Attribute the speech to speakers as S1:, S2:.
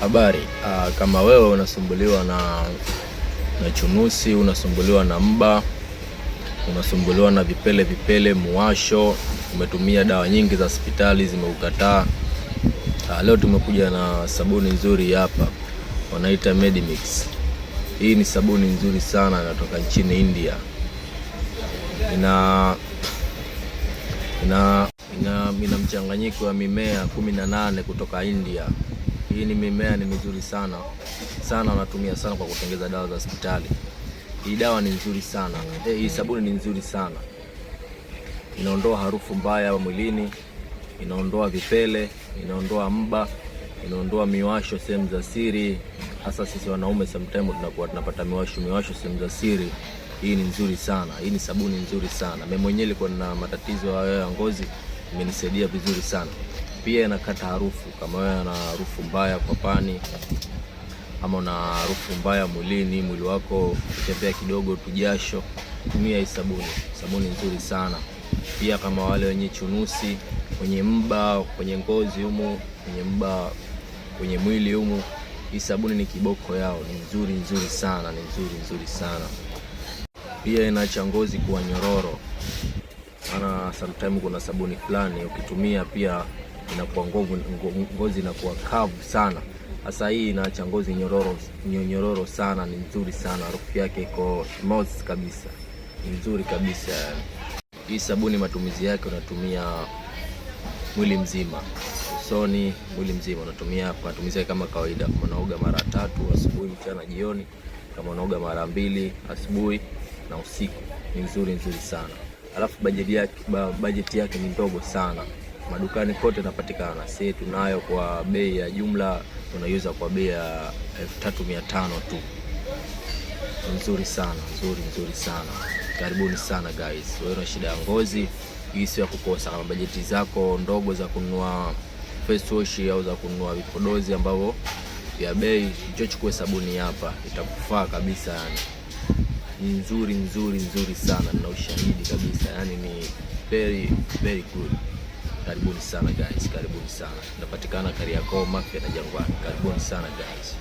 S1: Habari. Uh, kama wewe unasumbuliwa na, na chunusi, unasumbuliwa na mba, unasumbuliwa na vipele vipele, muwasho, umetumia dawa nyingi za hospitali zimeukataa, uh, leo tumekuja na sabuni nzuri hapa, wanaita Medimix. Hii ni sabuni nzuri sana, inatoka nchini India, ina ina ina, ina mchanganyiko wa mimea kumi na nane kutoka India. Hii ni mimea ni mizuri sana sana, wanatumia sana kwa kutengeza dawa za hospitali. Hii dawa ni nzuri sana eh, hii sabuni ni nzuri sana, inaondoa harufu mbaya mwilini, inaondoa vipele, inaondoa mba, inaondoa miwasho sehemu za siri. Hasa sisi wanaume sometimes tunakuwa tunapata miwasho miwasho sehemu za siri. Hii ni nzuri sana, hii ni sabuni nzuri sana. Mimi mwenyewe nilikuwa na matatizo hayo ya ngozi, imenisaidia vizuri sana. Pia inakata harufu, kama wewe una harufu mbaya kwa pani ama una harufu mbaya mwilini, mwili wako kutembea kidogo tu jasho, tumia hii sabuni, sabuni nzuri sana. Pia kama wale wenye chunusi kwenye mba, kwenye ngozi humu, kwenye mba, kwenye mwili humu, hii sabuni ni kiboko yao, ni nzuri nzuri sana, ni nzuri nzuri sana. Pia inaacha ngozi kuwa nyororo, maana sometimes kuna sabuni fulani ukitumia pia inakuwa ngozi ngo, inakuwa kavu sana. Sasa hii inaacha ngozi nyororo, nyororo sana, ni nzuri sana, harufu yake iko smooth kabisa, ni nzuri kabisa. Hii sabuni matumizi yake unatumia mwili mzima, usoni, mwili mzima unatumia matumizi yake kama kawaida, kama unaoga mara tatu asubuhi, mchana, jioni, kama unaoga mara mbili asubuhi na usiku. Ni nzuri nzuri sana, alafu bajeti yake, bajeti yake ni ndogo sana madukani kote napatikana. si tunayo kwa bei ya jumla, tunaiuza kwa bei ya elfu tatu mia tano tu. Nzuri sana, nzuri nzuri sana. Karibuni sana guys, wewe una shida ya ngozi hii sio ya kukosa. Kama bajeti zako ndogo za kununua face wash au za kununua vipodozi ambavyo vya bei, njoo chukue sabuni hapa, itakufaa kabisa. Yani ni nzuri nzuri nzuri sana, na ushahidi kabisa, yani ni very very good. Karibuni sana guys, karibuni sana. napatikana Kariakoo Mafia na Jangwani. Karibuni sana guys.